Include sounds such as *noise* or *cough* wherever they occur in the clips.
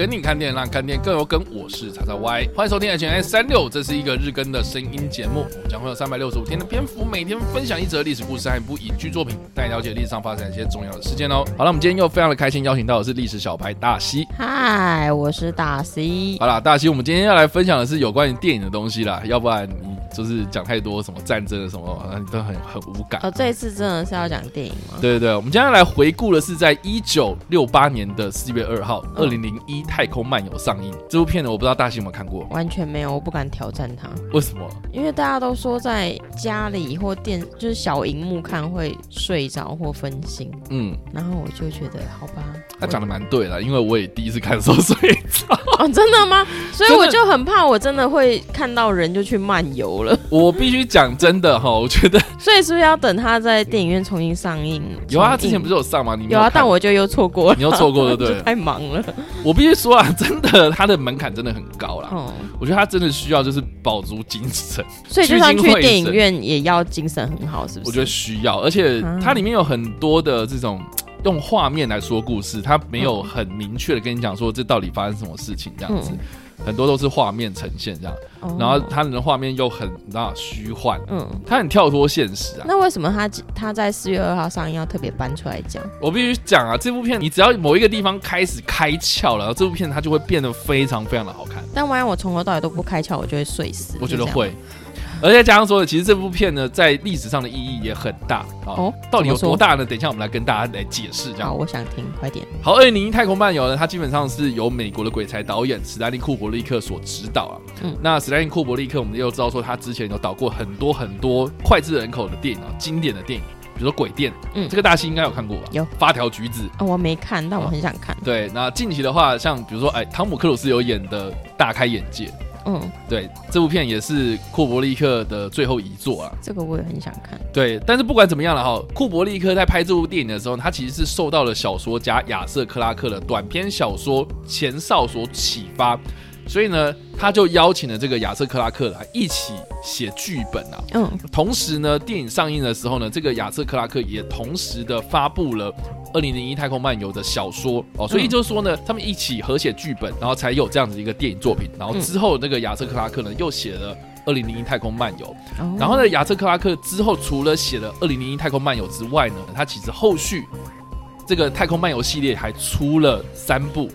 梗你看電影，讓看電影更有梗。我是 XXY，歡迎收聽《H&M 365》，這是一個日更的聲音節目，我們將會有三百六十五天的篇幅，每天分享一則歷史故事和一部，一部影劇作品，帶你了解歷史上發生一些重要的事件哦。好了，我們今天又非常的開心，邀請到的是歷史小白大西。嗨，我是大西。好啦，大西，我們今天要來分享的是有關於電影的東西啦，要不然你，就是講太多什麼戰爭的什麼，你都很很無感。哦，這一次真的是要講電影嗎？對對對，我們今天來回顧的是在一九六八年的四月二號，二零零一《太空漫遊》上映。嗯，這部片呢，我不知道大家有沒有看過，完全沒有，我不敢挑戰它。為什麼？因為大家都說在家裡或電就是小熒幕看會睡着或分心。嗯，然後我就覺得好吧，他講的蠻對了，因為我也第一次看的時候睡着。哦，真的嗎？所以我就很怕，我真的會看到人就去漫遊。 *laughs* 嗯 *laughs* 我必須講真的哈，我覺得，所以是不是要等他在電影院重新上映？有啊，他之前不是有上嗎？你有，有啊，但我就又錯過了，你又錯過了，對， *laughs* 太忙了。我必須說啊，真的，他的門檻真的很高啦。哦，oh. 我覺得他真的需要就是飽足精神，所以就算去電影院也要精神很好，是不是？我覺得需要，而且它裡面有很多的這種。用畫面來說故事，他沒有很明確的跟你講說，這到底發生什麼事情這樣子。嗯、很多都是畫面呈現這樣。嗯、然後他的畫面又很那虛幻，嗯，他很跳脫現實啊。那為什麼他他在四月二號上映要特別搬出來講？我必須講啊，這部片你只要某一個地方開始開竅了，這部片它就會變得非常非常的好看。但萬一我從頭到尾都不開竅，我就會睡死。我覺得會。而且加上說，其實這部片呢，在歷史上的意義也很大啊，哦。到底有多大呢？等一下我們來跟大家來解釋。這樣。好，我想聽，快點。好，《二零零一太空漫遊》呢，它基本上是由美國的鬼才導演史丹利庫伯力克所執導啊。嗯、那史丹利庫伯力克，我們又知道說，他之前有導過很多很多膾炙人口的電影啊，經典的電影，比如說《鬼店》。嗯，這個大戲應該有看過吧？有。發條橘子，哦，我沒看，但我很想看，啊。對，那近期的話，像比如說，哎，欸，湯姆克魯斯有演的《大開眼界》。嗯，對，這部片也是庫伯力克的最後一作啊。這個我也很想看。對，但是不管怎麼樣了哈、哦，庫伯力克在拍這部電影的時候，他其實是受到了小說家亞瑟克拉克的短篇小說《前哨》所啟發。所以呢，他就邀請了這個亞瑟克拉克來一起寫劇本啊。嗯。同時呢，電影上映的時候呢，這個亞瑟克拉克也同時的發布了《二零零一太空漫遊》的小說哦。所以就是說呢，嗯。他們一起合寫劇本，然後才有這樣子一個電影作品。然後之後，那個亞瑟克拉克呢，又寫了《二零零一太空漫遊》。嗯。然後呢，亞瑟克拉克之後除了寫了《二零零一太空漫遊》之外呢，他其實後續這個太空漫遊系列還出了三部。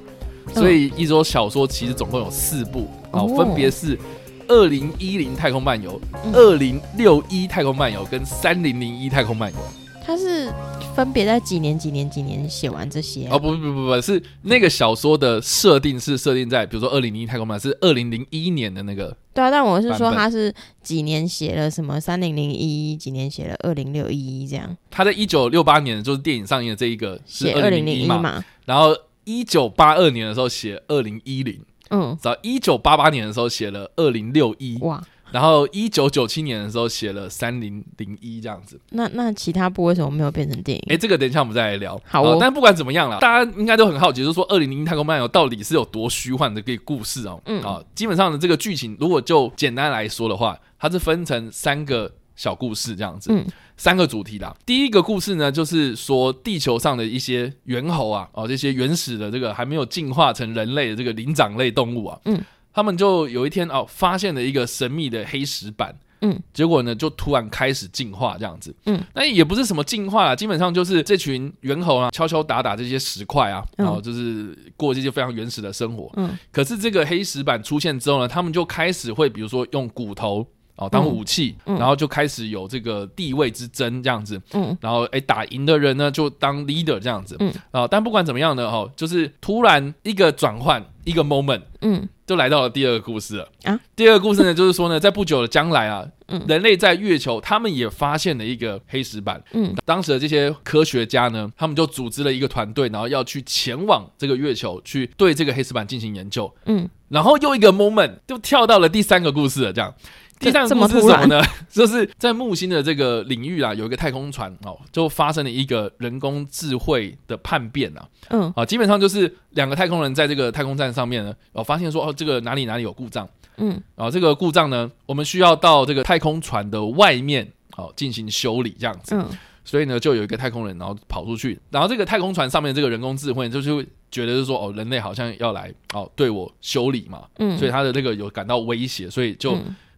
所以，一周小說其實總共有四部，然後分別是《二零一零太空漫遊》嗯、《二零六一太空漫遊》跟《三零零一太空漫遊》。它是分別在幾年、幾年、幾年寫完這些、啊？哦，不,不不不不，是那個小說的設定是設定在，比如說《二零零一太空漫遊》是二零零一年的那個。對啊，但我是說他是幾年寫了什麼？三零零一幾年寫了二零六一這樣？他在一九六八年就是電影上映的這一個是二零零一嘛？嘛然後。一九八二年的時候寫二零一零，嗯，到一九八八年的時候寫了二零六一，哇，然後一九九七年的時候寫了三零零一這樣子。那那其他部為什麼沒有變成電影？哎，這個等一下我們再來聊。好、哦哦，但不管怎麼樣了，大家應該都很好奇，就是說二零零一太空漫遊到底是有多虛幻的一個故事哦。嗯，啊、哦，基本上的這個劇情，如果就簡單來說的話，它是分成三個。小故事這樣子，嗯，三個主題啦、啊。第一個故事呢，就是說地球上的一些猿猴啊，哦，這些原始的這個還沒有進化成人類的這個靈長類動物啊，嗯，他們就有一天哦，發現了一個神秘的黑石板，嗯，結果呢，就突然開始進化這樣子，嗯，那也不是什麼進化啦，基本上就是這群猿猴啊，敲敲打打這些石塊啊，嗯，然後就是過這些非常原始的生活，嗯，可是這個黑石板出現之後呢，他們就開始會，比如說用骨頭。哦，當武器，嗯、然後就開始有這個地位之爭這樣子，嗯、然後哎、欸，打贏的人呢就當 leader 這樣子，然、嗯哦、但不管怎麼樣呢，哦，就是突然一個轉換。一個 moment，嗯，就來到了第二個故事了啊。第二個故事呢，就是說呢，在不久的將來啊，嗯，人類在月球，他們也發現了一個黑石板，嗯，當時的這些科學家呢，他們就組織了一個團隊，然後要去前往這個月球，去對這個黑石板進行研究，嗯，然後又一個 moment，就跳到了第三個故事了。這樣，第三個故事是什麼呢？麼 *laughs* 就是在木星的這個領域啊，有一個太空船哦，就發生了一個人工智慧的叛變啊，嗯，啊，基本上就是兩個太空人在這個太空站。上面呢，哦，發現說哦，這個哪裡哪裡有故障，嗯，然後這個故障呢，我們需要到這個太空船的外面，好、哦、進行修理這樣子，嗯，所以呢，就有一個太空人然後跑出去，然後這個太空船上面的這個人工智慧就是覺得就是說哦，人類好像要來哦對我修理嘛，嗯，所以他的這個有感到威脅，所以就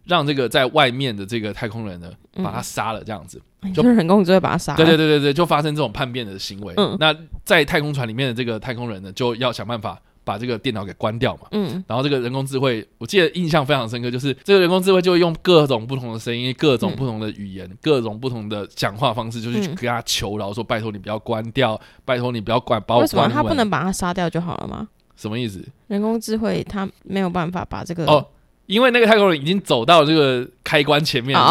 讓這個在外面的這個太空人呢把他殺了這樣子，就是、嗯、人工智慧把他殺了。對對對對，就發生這種叛變的行為，嗯，那在太空船裡面的這個太空人呢就要想辦法。把這個電腦給關掉嘛，嗯，然後這個人工智慧，我記得印象非常深刻，就是這個人工智慧就會用各種不同的聲音、各種不同的語言、嗯、各種不同的講話方式，就是去給他求饒，嗯、然後說拜託你不要關掉，拜託你不要關，把我關。為什麼他不能把他殺掉就好了嗎？什麼意思？人工智慧他沒有辦法把這個哦，因為那個太空人已經走到這個開關前面，就是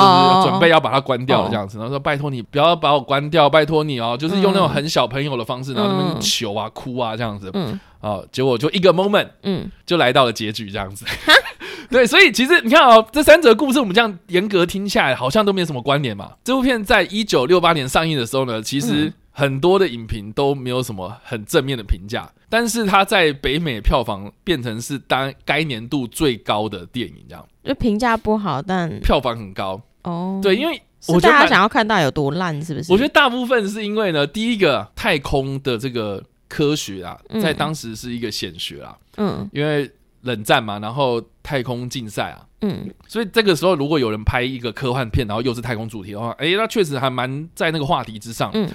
準備要把它關掉了這樣子，哦哦哦然後說拜託你不要把我關掉，哦、拜託你哦，就是用那種很小朋友的方式，嗯、然後在那邊求啊哭啊這樣子，嗯嗯哦，結果就一個 moment，嗯，就來到了結局這樣子哈。 *laughs* 對，所以其實你看哦，這三則故事我們這樣嚴格聽下來，好像都沒有什麼關聯嘛。這部片在一九六八年上映的時候呢，其實很多的影評都沒有什麼很正面的評價，嗯、但是它在北美票房變成是當該年度最高的電影，這樣。就評價不好，但票房很高哦。對，因為我覺得大家想要看到有多爛，是不是？我覺得大部分是因為呢，第一個太空的這個。科學啊，在當時是一個顯學啊、嗯，嗯，因為冷戰嘛，然後太空競賽啊，嗯，所以這個時候如果有人拍一個科幻片，然後又是太空主題的話，哎、欸，那確實還蠻在那個話題之上，嗯，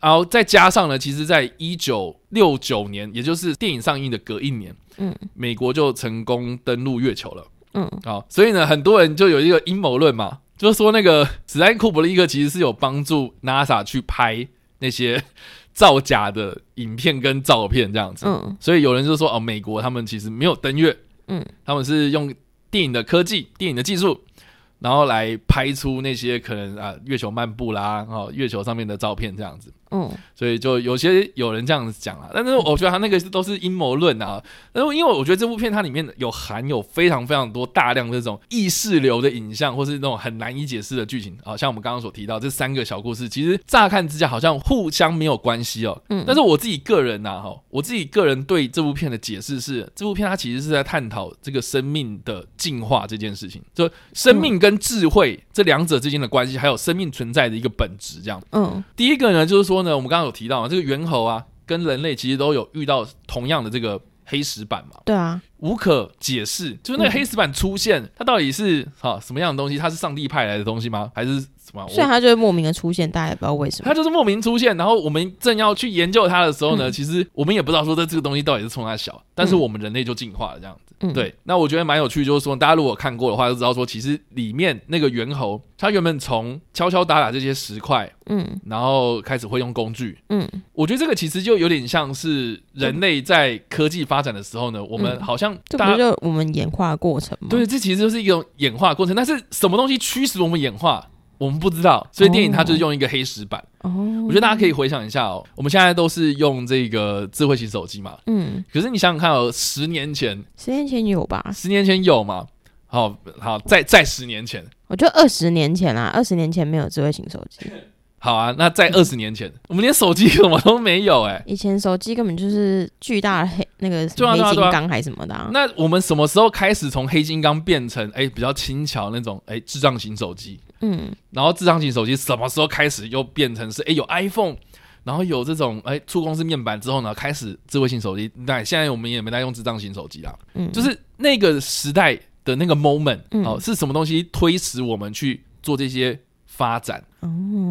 然後再加上呢，其實在一九六九年，也就是電影上映的隔一年，嗯，美國就成功登陸月球了，嗯，好，所以呢，很多人就有一個陰謀論嘛，就說那個史丹利庫柏力克其實是有幫助 NASA 去拍那些。造假的影片跟照片這樣子，嗯，所以有人就說哦，美國他們其實沒有登月，嗯，他們是用電影的科技、電影的技術，然後來拍出那些可能啊月球漫步啦，然後，哦，月球上面的照片這樣子。嗯，所以就有些有人這樣子講啊，但是我覺得他那個都是陰謀論啊。但是因為我覺得這部片它裡面有含有非常非常多大量這種意識流的影像，或是那種很難以解釋的劇情，好、哦、像我們剛剛所提到這三個小故事，其實乍看之下好像互相沒有關係哦。嗯，但是我自己個人吶，哈，我自己個人對這部片的解釋是，這部片它其實是在探討這個生命的進化這件事情，就生命跟智慧。嗯這兩者之間的關係，還有生命存在的一個本質，這樣。嗯，第一個呢，就是說呢，我們剛剛有提到這個猿猴啊，跟人類其實都有遇到同樣的這個黑石板嘛。對啊，無可解釋，就是那個黑石板出現，嗯、它到底是哈、啊、什麼樣的東西？它是上帝派來的東西嗎？還是？所以、啊、它就會莫名的出現，大家也不知道為什麼。它就是莫名出現，然後我們正要去研究它的時候呢，嗯、其實我們也不知道說這這個東西到底是從哪小，嗯、但是我們人類就進化了這樣子。嗯、對，那我覺得蠻有趣，就是說大家如果看過的話，就知道說其實裡面那個猿猴，它原本從敲敲打打這些石塊，嗯，然後開始會用工具，嗯，我覺得這個其實就有點像是人類在科技發展的時候呢，嗯、我們好像這不就是我們演化過程嘛。對，這其實就是一種演化過程，但是什麼東西驅使我們演化？我們不知道，所以電影它就是用一個黑石板。哦，oh. oh. 我覺得大家可以回想一下哦、喔，我們現在都是用這個智慧型手機嘛。嗯，可是你想想看、喔，十年前，十年前有吧？十年前有嘛。好好，在在、oh. 十年前，我覺得二十年前啊，二十年前沒有智慧型手機。好啊，那在二十年前，嗯、我們連手機什麼都沒有哎、欸。以前手機根本就是巨大的黑那個黑金剛還是什麼的、啊啊啊啊。那我們什麼時候開始從黑金剛變成哎、欸、比較輕巧那種哎、欸、智障型手機？嗯，然後智障型手機什麼時候開始又變成是哎有 iPhone，然後有這種哎觸控式面板之後呢，開始智慧型手機。那現在我們也沒再用智障型手機啊。嗯，就是那個時代的那個 moment，嗯，哦，是什麼東西推遲我們去做這些？發展，oh.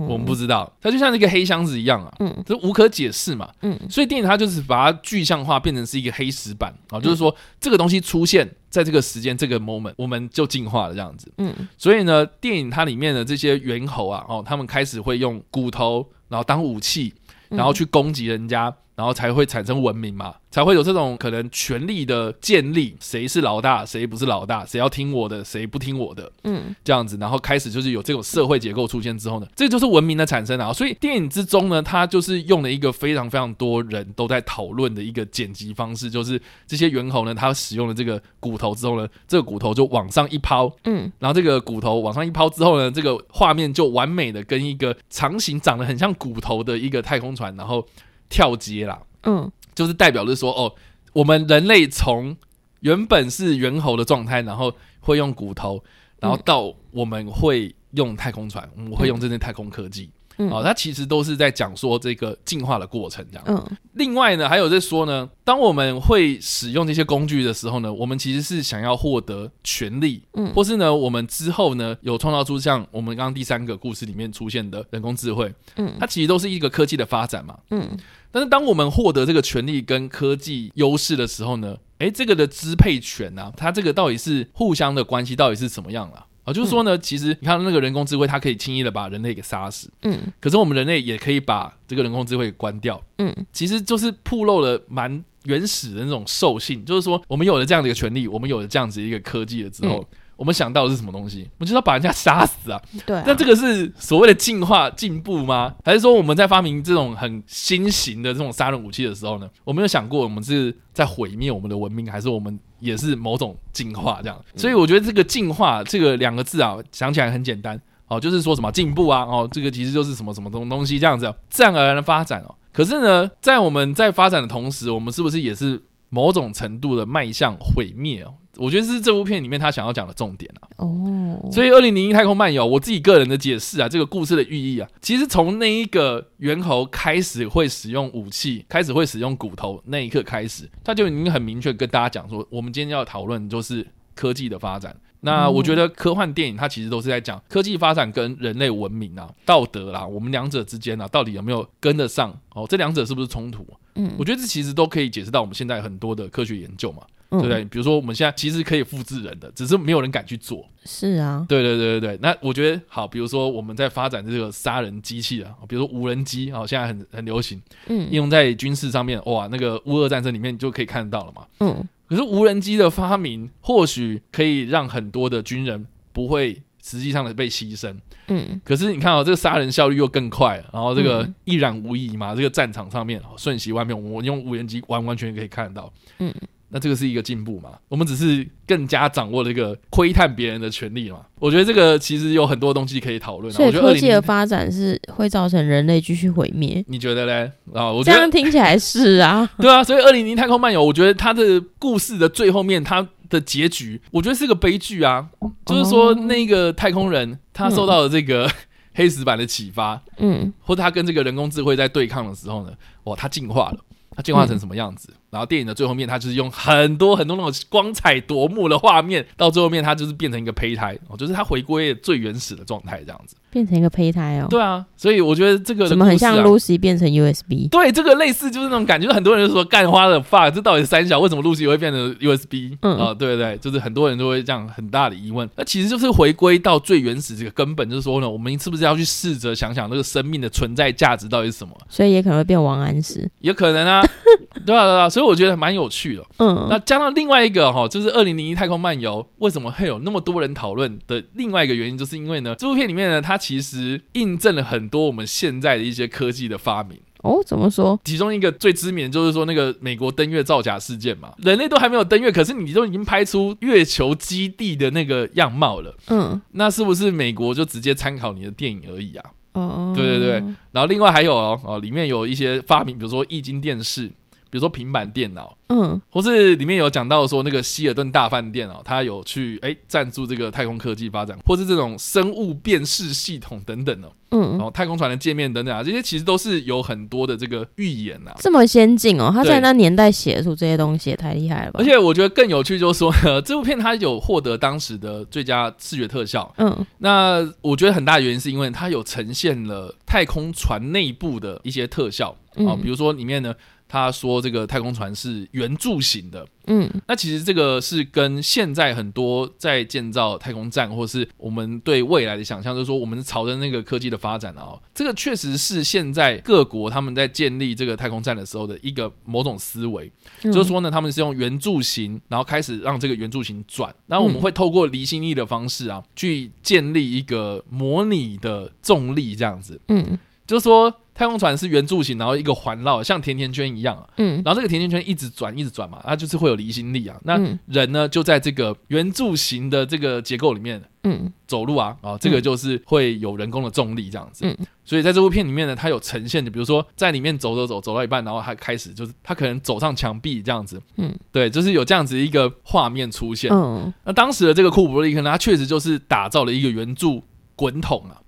我們不知道，它就像那個黑箱子一樣啊，嗯、這無可解釋嘛，嗯、所以電影它就是把它具象化，變成是一個黑石板啊，嗯、就是說這個東西出現在這個時間這個 moment，我們就進化了這樣子，嗯、所以呢，電影它裡面的這些猿猴啊，哦，他們開始會用骨頭然後當武器，然後去攻擊人家。嗯然後才會產生文明嘛，才會有這種可能權力的建立，誰是老大，誰不是老大，誰要聽我的，誰不聽我的，嗯，這樣子，然後開始就是有這種社會結構出現之後呢，這就是文明的產生啊。所以電影之中呢，它就是用了一個非常非常多人都在討論的一個剪輯方式，就是這些猿猴呢，它使用了這個骨頭之後呢，這個骨頭就往上一拋，嗯，然後這個骨頭往上一拋之後呢，這個畫面就完美的跟一個長形長得很像骨頭的一個太空船，然後跳接啦，嗯，就是代表著說，哦，我們人類從原本是猿猴的狀態，然後會用骨頭，然後到我們會用太空船，嗯、我們會用這些太空科技。嗯、哦，它其實都是在講說這個進化的過程，這樣子。嗯。另外呢，還有在說呢，當我們會使用這些工具的時候呢，我們其實是想要獲得權力，嗯，或是呢，我們之後呢有創造出像我們剛剛第三個故事裡面出現的人工智慧，嗯，它其實都是一個科技的發展嘛，嗯。但是當我們獲得這個權力跟科技優勢的時候呢，誒、欸，這個的支配權啊，它這個到底是互相的關係，到底是怎麼樣了、啊？啊，就是說呢，嗯、其實你看那個人工智慧，它可以輕易的把人類給殺死。嗯，可是我們人類也可以把這個人工智慧給關掉。嗯，其實就是暴露了蠻原始的那種獸性。嗯、就是說，我們有了這樣子的一個權利，我們有了這樣子的一個科技了之後，嗯、我們想到的是什麼東西？我們就要把人家殺死啊？對啊。那這個是所謂的進化進步嗎？還是說我們在發明這種很新型的這種殺人武器的時候呢？我們有想過我們是在毀滅我們的文明，還是我們？也是某種進化這樣，所以我覺得這個“進化”這個兩個字啊，想起來很簡單哦，就是說什麼進步啊哦，這個其實就是什麼什麼東東西這樣子，自然而然的發展哦。可是呢，在我們在發展的同時，我們是不是也是某種程度的邁向毀滅哦？我覺得是這部片裡面他想要講的重點啊。哦，所以《二零零一太空漫遊》，我自己個人的解釋啊，這個故事的寓意啊，其實從那一個猿猴開始會使用武器，開始會使用骨頭那一刻開始，他就已經很明確跟大家講說，我們今天要討論就是科技的發展。那我覺得科幻電影它其實都是在講科技發展跟人類文明啊、道德啦、啊，我們兩者之間啊，到底有沒有跟得上？哦，這兩者是不是衝突？嗯，我覺得這其實都可以解釋到我們現在很多的科學研究嘛。對不、啊、對？嗯、比如說，我們現在其實可以複制人的，只是沒有人敢去做。是啊，對對對對對。那我覺得，好，比如說我們在發展這個殺人機器啊，比如說無人機啊、哦，現在很很流行，嗯，用在軍事上面，哇，那個烏俄戰爭裡面就可以看得到了嘛，嗯。可是無人機的發明，或許可以讓很多的軍人不會實際上的被犧牲，嗯。可是你看啊、哦，這個殺人效率又更快，然後這個一覽無遺嘛，嗯、這個戰場上面瞬息萬變，我用無人機完完全可以看得到，嗯。那這個是一個進步嘛？我們只是更加掌握了一個窺探別人的權利嘛？我覺得這個其實有很多東西可以討論、啊。所以科技的發展是會造成人類繼續毀滅？你覺得嘞？啊，我覺得這樣聽起來是啊， *laughs* 對啊。所以《二零零一太空漫遊》，我覺得它的故事的最後面，它的結局，我覺得是個悲劇啊。哦、就是說，那個太空人、哦、他受到了這個、嗯、黑石板的啟發，嗯，或者他跟這個人工智慧在對抗的時候呢，哇，他進化了，他進化成什麼樣子？嗯然後電影的最後面，他就是用很多很多那種光彩奪目的畫面，到最後面，他就是變成一個胚胎哦，就是他回歸最原始的狀態，這樣子變成一個胚胎哦。對啊，所以我覺得這個怎、啊、麼很像露西變成 USB。對，這個類似就是那種感覺，很多人就說幹，花惹發這到底是三小為什麼露西也會變成 USB？嗯啊，哦、對對，就是很多人都會這樣很大的疑問。那其實就是回歸到最原始這個根本，就是說呢，我們是不是要去試着想想那個生命的存在價值到底是什麼？所以也可能會變王安石，有可能啊。 *laughs* 對啊，對啊，所以我覺得蠻有趣的哦。嗯，那加上另外一個哈哦，就是二零零一太空漫遊為什麼會有那麼多人討論的另外一個原因，就是因為呢，這部片裡面呢，它其實印證了很多我們現在的一些科技的發明。哦，怎麼說？其中一個最知名的就是說那個美國登月造假事件嘛，人類都還沒有登月，可是你都已經拍出月球基地的那個樣貌了。嗯，那是不是美國就直接參考你的電影而已啊？哦，對對對。然後另外還有哦，哦，裡面有一些發明，比如說液晶電視。比如說平板電腦，嗯，或是裡面有講到說那個希爾頓大飯店哦、喔，他有去哎、欸、贊助這個太空科技發展，或是這種生物辨識系統等等哦、喔，嗯，然後太空船的介面等等啊，這些其實都是有很多的這個預言吶、啊，這麼先進哦、喔，他在那年代寫出這些東西也太厲害了吧！而且我覺得更有趣就是說，呵呵這部片它有獲得當時的最佳視覺特效，嗯，那我覺得很大原因是因為它有呈現了太空船內部的一些特效啊、嗯喔，比如說裡面呢。他說：“這個太空船是圓柱形的，嗯，那其實這個是跟現在很多在建造太空站，或是我們對未來的想象，就是說我們是朝着那個科技的發展啊，這個確實是現在各國他們在建立這個太空站的時候的一個某種思維，嗯、就是說呢，他們是用圓柱形，然後開始讓這個圓柱形轉，那我們會透過離心力的方式啊，嗯、去建立一個模擬的重力這樣子，嗯。”就是說，太空船是圓柱形，然後一個環繞，像甜甜圈一樣、啊。嗯，然後這個甜甜圈一直轉，一直轉嘛，它就是會有離心力啊。那人呢，嗯、就在這個圓柱形的這個結構裡面，嗯，走路啊，啊，這個就是會有人工的重力這樣子。嗯，所以在這部片裡面呢，它有呈現的，比如說在裡面走走走，走到一半，然後它開始就是它可能走上牆壁這樣子。嗯，對，就是有這樣子一個畫面出現。嗯，那當時的這個庫柏力克呢，它確實就是打造了一個圓柱滾筒啊。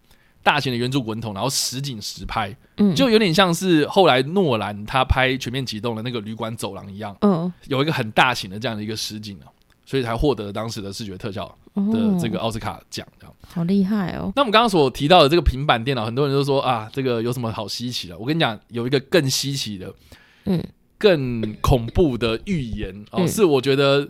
大型的圓柱滾筒，然後實景實拍，嗯，就有點像是後來諾蘭他拍《全面啟動》的那個旅館走廊一樣，嗯，有一個很大型的這樣的一個實景啊，所以才獲得了當時的視覺特效的這個奧斯卡獎，這樣。哦，好厲害哦！那我們剛剛所提到的這個平板電腦，很多人都說啊，這個有什麼好稀奇的，啊？我跟你講，有一個更稀奇的，嗯，更恐怖的預言哦，嗯，是我覺得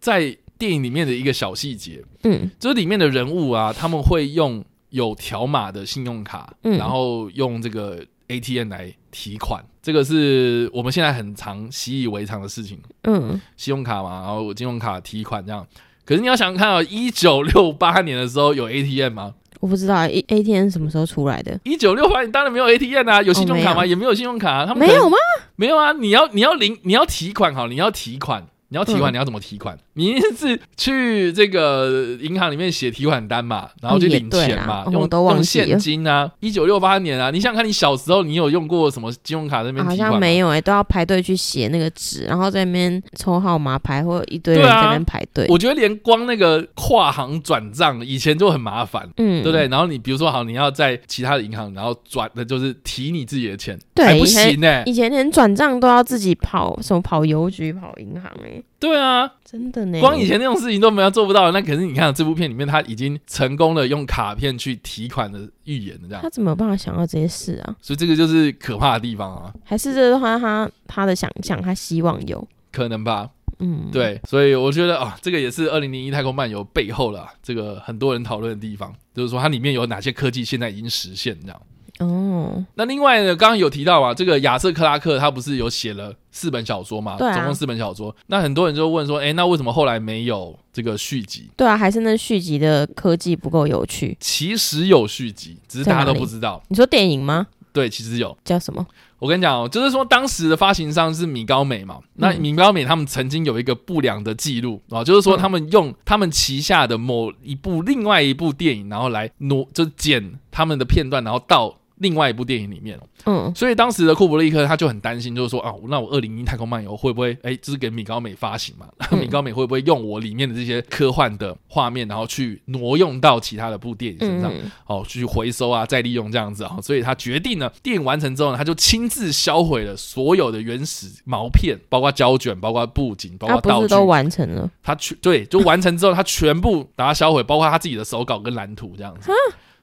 在電影裡面的一個小細節，嗯，就是裡面的人物啊，他們會用。有條碼的信用卡，嗯、然後用這個 ATM 來提款，這個是我們現在很常習以為常的事情。嗯，信用卡嘛，然後我金融卡提款這樣。可是你要想看啊，一九六八年的時候有 ATM 嗎？我不知道啊，AATM 什麼時候出來的？一九六八年當然沒有 ATM 啊，有信用卡嗎？哦、沒也沒有信用卡，啊，他們沒有嗎？沒有啊，你要你要領你要提款，好你要提款。你要提款，嗯、你要怎麼提款？你是去這個銀行裡面寫提款單嘛，然後去領錢嘛，用、哦、用現金啊？一九六八年啊，你想想看你小時候，你有用過什麼信用卡在那邊、啊？好像沒有哎、欸，都要排隊去寫那個紙，然後在那邊抽號碼牌，或一堆人在那邊排隊、啊。我覺得連光那個跨行轉賬以前就很麻煩，嗯，對不對？然後你比如說好，你要在其他的銀行，然後轉，的就是提你自己的錢，對、欸，不行、欸、以前連轉賬都要自己跑什麼跑郵局跑銀行哎、欸。對啊，真的呢，光以前那種事情都沒有做不到， *laughs* 那可是你看這部片裡面，他已經成功的用卡片去提款的預言，這樣他怎麼有辦法想到這些事啊？所以這個就是可怕的地方啊，還是這的話，他他的想象，他希望有可能吧？嗯，對，所以我覺得啊、哦，這個也是二零零一太空漫遊背後了、啊，這個很多人討論的地方，就是說它裡面有哪些科技現在已經實現這樣。哦，oh. 那另外呢，剛剛有提到嘛，這個亞瑟克拉克他不是有寫了四本小說嘛，對啊，總共四本小說。那很多人就問說，哎、欸，那為什麼後來沒有這個續集？對啊，還是那續集的科技不夠有趣。其實有續集，只是大家都不知道。你說電影嗎？對，其實有。叫什麼？我跟你講哦、喔，就是說當時的發行商是米高梅嘛。嗯、那米高梅他們曾經有一個不良的記錄啊，就是說他們用他們旗下的某一部另外一部電影，然後來挪就剪他們的片段，然後到。另外一部電影裡面，嗯，所以當時的庫柏力克他就很擔心，就是說啊，那我二零一太空漫遊會不會，哎、欸，這、就是給米高梅發行嘛？嗯、米高梅會不會用我裡面的這些科幻的畫面，然後去挪用到其他的部電影身上，嗯嗯哦，去回收啊，再利用這樣子啊？所以他決定呢，電影完成之後呢，他就親自銷毀了所有的原始毛片，包括膠卷，包括布景，包括道具、啊、都完成了。他全對，就完成之後，他全部把它銷毀， *laughs* 包括他自己的手稿跟藍圖這樣子。啊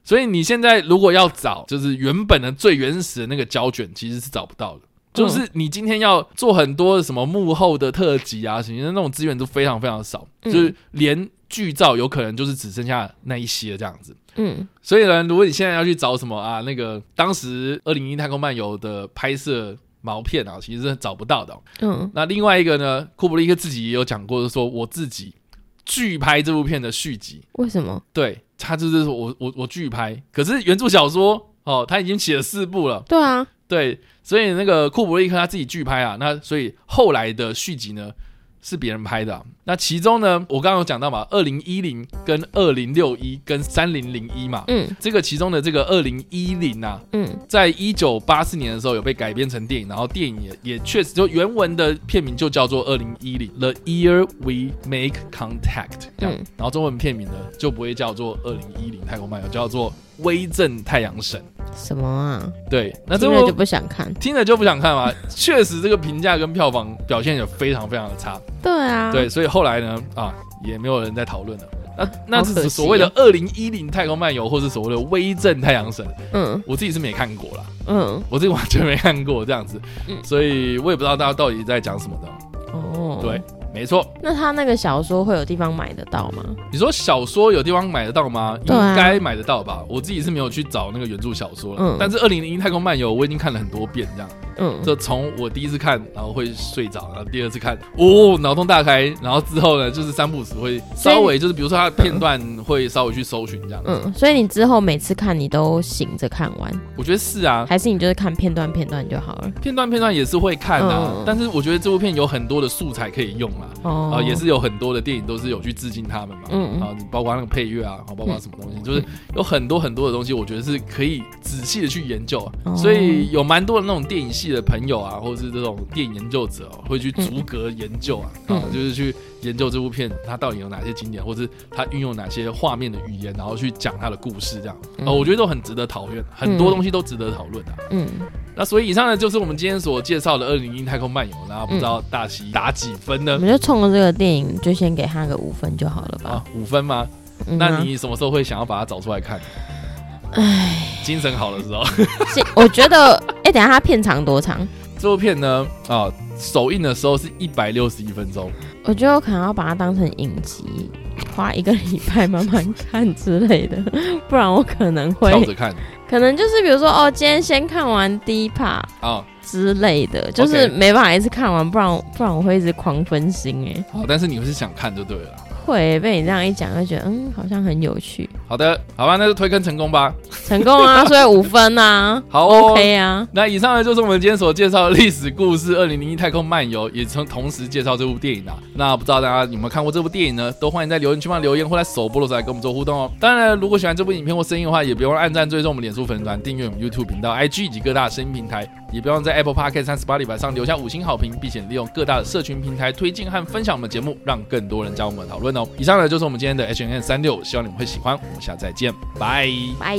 所以你現在如果要找，就是原本的最原始的那個膠卷，其實是找不到的。就是你今天要做很多的什麼幕後的特輯啊，什麼那種資源都非常非常少，就是連劇照有可能就是只剩下那一些這樣子。嗯，所以呢，如果你現在要去找什麼啊，那個當時《二零零一太空漫遊》的拍攝毛片啊，其實是找不到的。嗯，那另外一個呢，庫布里克自己也有講過，就是說我自己拒拍這部片的續集。為什麼？對。他就是我我我拒拍，可是原著小說哦，他已經寫了四部了。對啊，對，所以那個庫布里克他自己拒拍啊，那所以後來的續集呢是別人拍的啊。那其中呢，我剛剛有講到嘛，二零一零跟二零六一跟三零零一嘛，嗯，這個其中的這個二零一零啊，嗯，在一九八四年的時候有被改編成電影，然後電影也也確實，就原文的片名就叫做二零一零，The Year We Make Contact，這樣，嗯、然後中文片名呢就不會叫做二零一零太空漫遊，叫做《威震太陽神》。什麼啊？對，那真的就不想看，聽着就不想看嘛。 *laughs* 確實，這個評價跟票房表現也非常非常的差。對啊，對，所以。後來呢？啊，也沒有人在討論了。那那是所謂的《二零一零太空漫遊》，或是所謂的《威震太陽神》。嗯，我自己是沒看過啦。嗯，我自己完全沒看過這樣子，嗯，所以我也不知道大家到底在講什麼的。哦，對。沒錯，那他那個小說會有地方買得到嗎？你說小說有地方買得到嗎？應該買得到吧。啊、我自己是沒有去找那個原著小說，嗯。但是《二零零一太空漫遊》我已經看了很多遍，這樣，嗯，就從我第一次看，然後會睡着，然後第二次看，哦，腦洞大開，然後之後呢，就是三不五時會稍微以就是比如說它的片段會稍微去搜尋這樣，嗯，所以你之後每次看你都醒着看完，我覺得是啊？還是你就是看片段片段就好了，片段片段也是會看的，啊，嗯，但是我覺得這部片有很多的素材可以用，啊。啊、哦，也是有很多的電影都是有去致敬他們嘛，嗯、啊，包括那個配樂啊，包括什麼東西，嗯、就是有很多很多的東西，我覺得是可以仔細的去研究，嗯、所以有蠻多的那種電影系的朋友啊，或者是這種電影研究者、啊、會去逐格研究啊，嗯、啊，就是去。研究這部片，它到底有哪些經典，或是它運用哪些畫面的語言，然後去講它的故事，這樣、嗯哦、我覺得都很值得討論，嗯、很多東西都值得討論的。嗯，那所以以上呢，就是我們今天所介紹的《二零零一太空漫遊》，然後不知道大西打幾分呢？嗯、我們就衝着這個電影，就先給他個五分就好了吧？啊，五分嗎？嗯、嗎那你什麼時候會想要把它找出來看？哎唉，精神好的時候唉 *laughs* 是。我覺得，哎、欸，等一下它片長多長？這部片呢？啊，首映的時候是一百六十一分鐘。我覺得我可能要把它當成影集，花一個禮拜慢慢看之類的，不然我可能會挑着看。可能就是比如說，哦，今天先看完第一 part 啊之類的，哦、就是沒辦法一次看完，不然不然我會一直狂分心誒、欸。哦，但是你會是想看就對了。會被你這樣一講，就覺得嗯，好像很有趣。好的，好吧，那就推坑成功吧。成功啊，所以五分吶、啊。 *laughs* 好、哦、OK 啊。那以上呢就是我們今天所介紹的歷史故事《二零零一太空漫遊》，也從同時介紹這部電影啊。那不知道大家有沒有看過這部電影呢？都歡迎在留言區幫留言，或者首播的時候來跟我們做互動哦。當然，如果喜歡這部影片或聲音的話，也別忘按讚、追蹤我們臉書粉絲團、訂閱我們 YouTube 頻道、IG 以及各大聲音平台，也別忘在 Apple Podcast 三十八里版上留下五星好評，並且利用各大的社群平台推薦和分享我們節目，讓更多人加入我們討論。以上呢就是我們今天的 H&M 三六，36，希望你們會喜歡。我們下次再見，拜拜。